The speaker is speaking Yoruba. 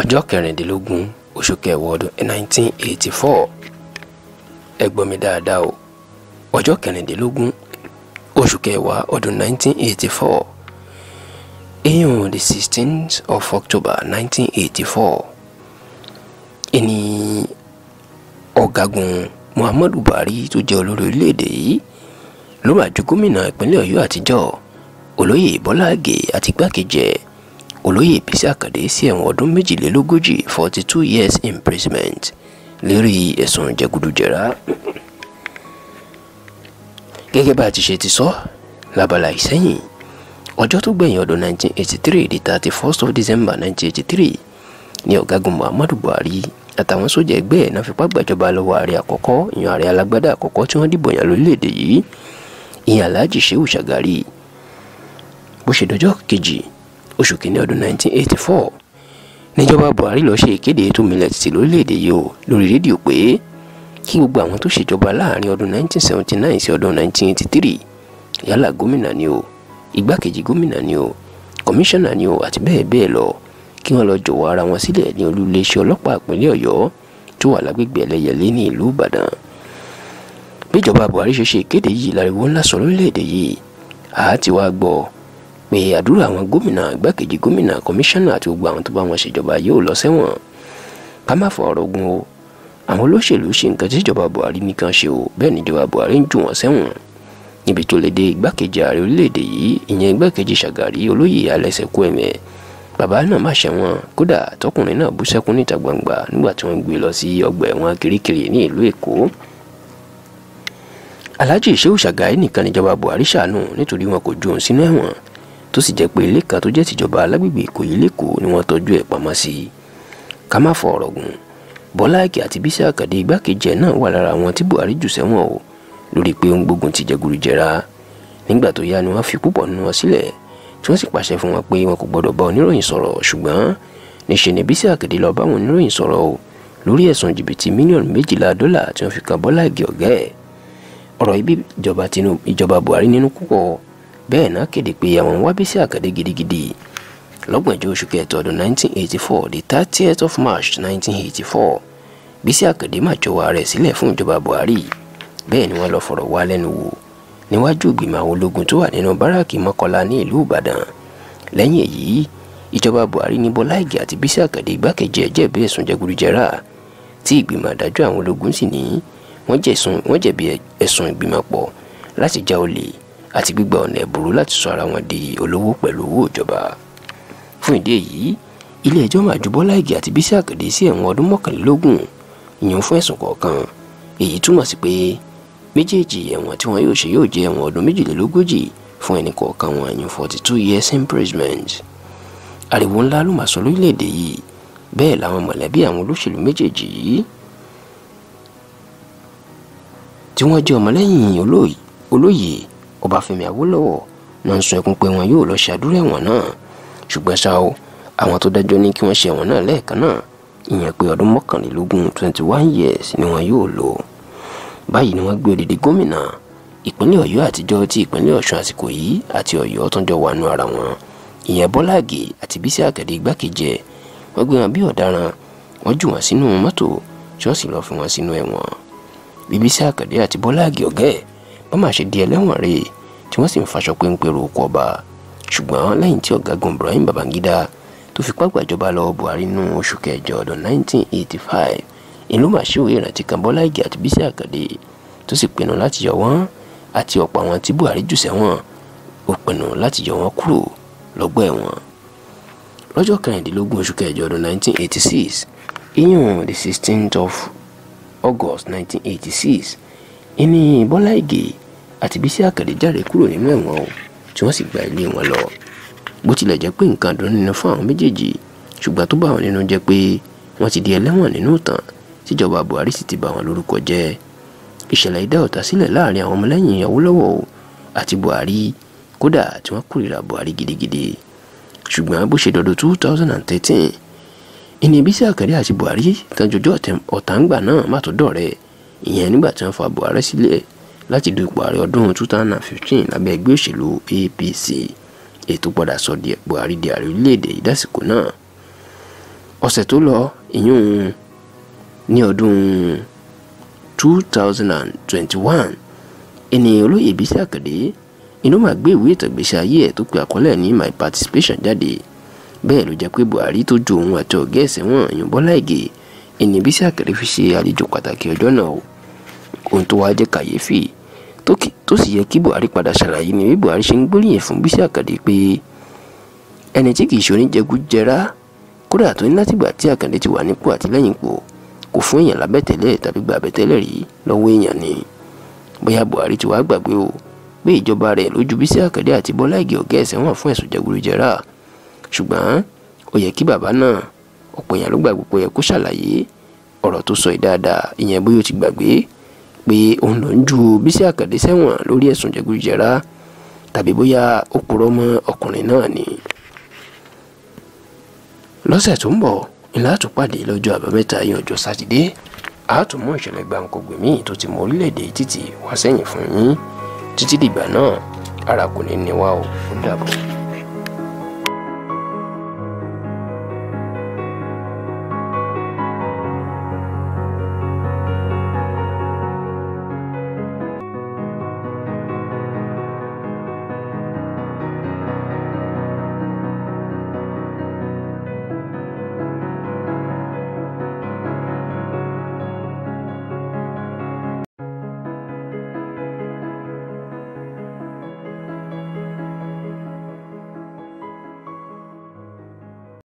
ọjọ́ kẹrìndínlógún oṣù kẹwàá ọdún 1984 ẹ gbọ́ mi dáadáa o ọjọ́ kẹrìndínlógún oṣù kẹwàá ọdún 1984 eyín the 16th of October 1984 ẹni ọ̀gágun Muhammadu Buhari tó jẹ́ olórí orílẹ̀-èdè yìí ló máa ju gómìnà ìpínlẹ̀ Ọ̀yọ́ àtijọ́ olóyè Bọ́lá Àgè àti igbákejì ẹ̀ olóyè bísí àkàdé sí ẹ̀wọ̀n ọdún méjìlélógójì forty two years imprisonment lérí ẹ̀sùn jẹgúdújẹrá gẹ́gẹ́ bá a ti ṣe ti sọ lábala ìsẹ́yìn ọjọ́ tó gbẹ̀yìn ọdún 1983 di 31st of December 1983 ní ọ̀gágun Muhammadu Buhari àtàwọn sójà ẹgbẹ́ ẹ̀ náà fipá gbàjọba lọ́wọ́ ààrẹ àkọ́kọ́ ìyàn ààrẹ alágbádá àkọ́kọ́ tí wọ́n dìbò yàn lórílẹ̀‐èdè yìí ìyàn Alhaji Shehu Shagari bó ṣe dọjọ́ kejì oṣù kìíní ọdún 1984 níjọba Buhari lọ ṣe ìkéde tó milẹ̀ títí lórílẹ̀‐èdè yìí o lórí rédíò pé kí gbogbo àwọn tó ṣèjọba láàrin ọdún 1979 sí ọdún 1983 yálà gómìnà ni o igbákejì gómìnà ni o kọmíṣánná ni o àti bẹ́ẹ̀ bẹ́ẹ̀ lọ kí wọ́n lọ jọ̀wọ́ ara wọn sílẹ̀ ní olú iléeṣẹ́ ọlọ́pàá ìpínlẹ̀ Ọ̀yọ́ tó wà lágbègbè Ẹlẹ́yẹlé ní ìlú Ìbàdàn bíjọba Buhari ṣe ṣe ìkéde yìí láriwo ńlá sọ lórílẹ̀‐èdè yìí àá ti wá gbọ́ ọ pé àdúrà àwọn gómìnà igbákejì gómìnà kọmíṣánná àti gbogbo àwọn tó bá wọn ṣèjọba yóò lọ sẹ́wọ̀n ká má fọ ọ̀rọ̀ ogun o àwọn olóṣèlú ṣe nǹkan tí ìjọba Buhari nìkan ṣe o bẹ́ẹ̀ ni ìjọba Buhari ń jù wọ́n sẹ́wọ̀n níbi tó lè dé igbákejì ààrẹ orílẹ̀-èdè yìí ìyẹn igbákejì Ṣàgàrí olóyè alẹ́sẹ̀kú ẹ̀mẹ́ bàbá náà má ṣẹ̀wọ̀n kódà tọkùnrin náà bú sẹ́kún níta gbangba nígbà tí wọ́n gbé lọ sí ọgbà ẹ̀wọ̀n Kirikiri ní ìlú Èkó Alhaji Shehu Shagari nìkan níjọba Buhari ṣàánú nítorí wọn kò ju òun sínú ẹ̀wọ̀n tó sì jẹ́ pé ilé kan tó jẹ́ tìjọba alágbègbè Ìkòyí lẹ́kọ̀ọ́ ni wọ́n tọ́jú ẹ̀ pamọ́ sí ká má fọ ọ̀rọ̀ gùn Bọ́lá Ìgè àti Bísí Àkàndé igbákejì ẹ̀ náà wà lára àwọn tí Buhari jù sẹ́wọ̀n o lórí pé ó ń gbógun ti jẹgúrújẹra nígbà tó yá ni wọ́n fi púpọ̀ nínú wọn sílẹ̀ tí wọ́n sì pàṣẹ fún wọn pé wọn kò gbọ́dọ̀ bá oníròyìn sọ̀rọ̀ ṣùgbọ́n níṣe ni Bísí Àkàndé lọ bá àwọn oníròyìn sọ̀rọ̀ o lórí ẹ̀sùn jìbìtì mílíọ̀nù méjìlá dọ́là tí wọ́n fi kan Bọ́lá Ìgè ọ̀gá ẹ̀ ọ̀rọ̀ ibi ìjọba Buhari nínú púpọ̀ bẹ́ẹ̀ náà kéde pé àwọn wá Bísí Àkàndé gidigidi lọ́gbọ̀njọ́ oṣù kẹtọ́ ọdún 1984 the 30th of March 1984 Bísí Àkàndé mà jọ̀wọ́ rẹ̀ sílẹ̀ fún ìjọba Buhari bẹ́ẹ̀ ni wọ́n lọ fọ̀rọ̀ wá lẹ́nu wò níwájú ìgbìmọ̀ àwọn ológun tó wà nínú báràkì Mọ́kọ́lá ní ìlú Ìbàdàn lẹ́yìn èyí ìjọba Buhari ní Bọ́lá Ìgè àti Bísí Àkàndé igbákejì ẹ̀ jẹ̀bi ẹ̀sùn jẹgúdújẹrà tí ìgbìmọ̀ àdájọ́ àwọn ológun sì ní wọ́n jẹ̀bi ẹ̀sùn ìgbìmọ̀pọ̀ láti já olè àti gbígba ọ̀nà ẹ̀bùrú láti sọ ara wọn di olówó pẹ̀lú owó ìjọba fún ìdí èyí ilé ẹjọ́ máa ju Bọ́lá Ìgè àti Bísí Àkàndé sí ẹ̀wọ̀n ọdún mọ́kànlélógún ìyẹn fún ẹ̀sùn kọ̀ọ̀kan èyí túmọ̀ sí pé méjèèjì ẹ̀wọ̀n tí wọn yóò ṣe yóò jẹ́ ẹ̀wọ̀n ọdún méjìlélógójì fún ẹnì kọ̀ọ̀kan wọn ìyẹn forty two years imprisonment ariwo ńlá ló máa sọ lórílẹ̀‐èdè yìí bẹ́ẹ̀ làwọn mọ̀lẹ́bí àwọn olóṣèlú méjèèjì yìí tí wọ́n jẹ́ ọmọlẹ́yìn olóyè ọbáfẹ́mi awólọ́wọ̀ náà ń sun ẹkún pé wọn yóò lọ ṣàdúrà ẹ̀wọ̀n náà ṣùgbọ́n ṣá o àwọn tó dájọ́ ní kí wọ́n ṣe ẹ̀wọ̀n náà lẹ́ẹ̀kan náà ìyẹn pé ọdún mọ́kànlélógún twenty one years ni wọn yóò lò báyìí ni wọ́n gbé odidi gómìnà ìpínlẹ̀ ọ̀yọ́ àtijọ́ ti ìpínlẹ̀ ọ̀ṣun àsìkò yìí àti ọ̀yọ́ tó ń jọ wàánu ara wọn ìyẹn bọ́lá àgè àti bísí àkàdé igbákejì ẹ̀ wọ́n gbé wọn bí ọ̀daràn wọ́n jù wọ́n sínú mọ́tò ṣọ́ọ̀ṣì lọ́ọ́ fi wọ́n sínú ẹ̀wọ̀n bí àkàdé àti bọ́lá àgè ọ̀gá ẹ̀ wọ́n máa ṣe di ẹlẹ́wọ̀n rè tí wọ́n sì ń faṣọ péńpé ro oko ọba ṣùgbọ́n lẹ́yìn tí ọ̀gágun Ibrahim Babangida tó fipá gbàjọba lọ Buhari nínú oṣù kẹjọ ọdún 1985 ìlú màṣíwò ìrántí kan Bọ́lá Ìgè àti Bísí Àkàndé tó sì pinnu láti yọ wọ́n àti ọ̀pọ̀ àwọn tí Buhari jù sẹ́wọ̀n ó pinnu láti yọ wọ́n kúrò lọ́gbà ẹ̀wọ̀n lọ́jọ́ kẹrìndínlógún oṣù kẹjọ ọdún 1986 iyun the 16th of August 1986 ìní Bọ́lá Ìgè àti Bísí Àkàndé jáde kúrò nínú ẹ̀wọ̀n o tí wọ́n sì gba ilé wọn lọ bó tilẹ̀ jẹ́ pé nǹkan dùn nínú fún àwọn méjèèjì ṣùgbọ́n tó bá wọn nínú jẹ́ pé wọ́n ti di ẹlẹ́wọ̀n nínú ìtàn tíjọba Buhari sì ti bà wọ́n lórúkọ jẹ́ ìṣẹ̀lẹ̀ ìdá ọ̀tá sílẹ̀ láàrin àwọn ọmọlẹ́yìn Awólọ́wọ̀ àti Buhari kódà tí wọ́n kórìíra Buhari gidigidi ṣùgbọ́n bó ṣe dọ̀dọ̀ two thousand and thirteen ìní Bísí láti du ipò ààrẹ ọdún 2015 lábẹ́ ẹgbẹ́ òṣèlú APC ètò padà sọ Buhari di ààrẹ orílẹ̀-èdè ìdásìkò náà ọ̀sẹ̀ tó lọ ìyún ní ọdún 2021 ènìyàn olóyè Bísí Àkàndé inú máa gbé ìwé ìtàgbésí ayé ẹ̀ tó pe àkọlé ní my participation jáde bẹ́ẹ̀ ló jẹ́ pé Buhari tó ju òun àti ọ̀gá ẹ̀ sẹ́wọ̀n ìyún Bọ́lá Ìgè ènìyàn Bísí Àkàndé fi ṣe àlejò pàtàkì ọjọ́ náà ohun tó wá jẹ́ kàyéfì tó sì yẹ kí Buhari padà ṣàlàyé ni bí Buhari ṣe ń gbóríyìn fún Bísí Àkàndé pé ẹni tí kì í ṣoníjẹgújẹrá kódà tó ní látìgbà tí Àkàndé ti wà nípò àtìlẹ́yìn pò kò fún èèyàn lábẹ́tẹ̀lẹ̀ tàbí gba àbẹ̀tẹ̀lẹ̀ rí lọ́wọ́ èèyàn ni bóyá Buhari ti wá gbàgbé o pé ìjọba rẹ̀ ló ju Bísí Àkàndé àti Bọ́lá Ìgè ọ̀gá ẹ̀sẹ̀ wọn fún ẹ̀sùn jẹgúdújẹrá ṣùgbọ́n ó yẹ kí bàbá náà ọ̀pọ̀ èèyàn ló gbàgbé pé ó yẹ kó ṣàlàyé ọ̀rọ̀ tó sọ yìí ìyẹn bóyá ó ti gbàgbé pé òun ló ń ju Bísí Àkàndé sẹ́wọ̀n lórí ẹ̀sùn jẹgúdújẹrá tàbí bóyá ó purọ́ mọ́ ọkùnrin náà ni. lọ́sẹ̀ tó ń bọ̀ ńlá tó pàdé lọ́jọ́ àbámẹ́ta yìí ọjọ́ sátidé àátùmọ̀ ìṣẹ̀lẹ̀ gbàǹkọ̀gbìn míì tó ti mọ orílẹ̀-èdè títì wá sẹ́yìn fún yín títí dìgbà náà ara kò ní ní wá o ó dàbọ̀.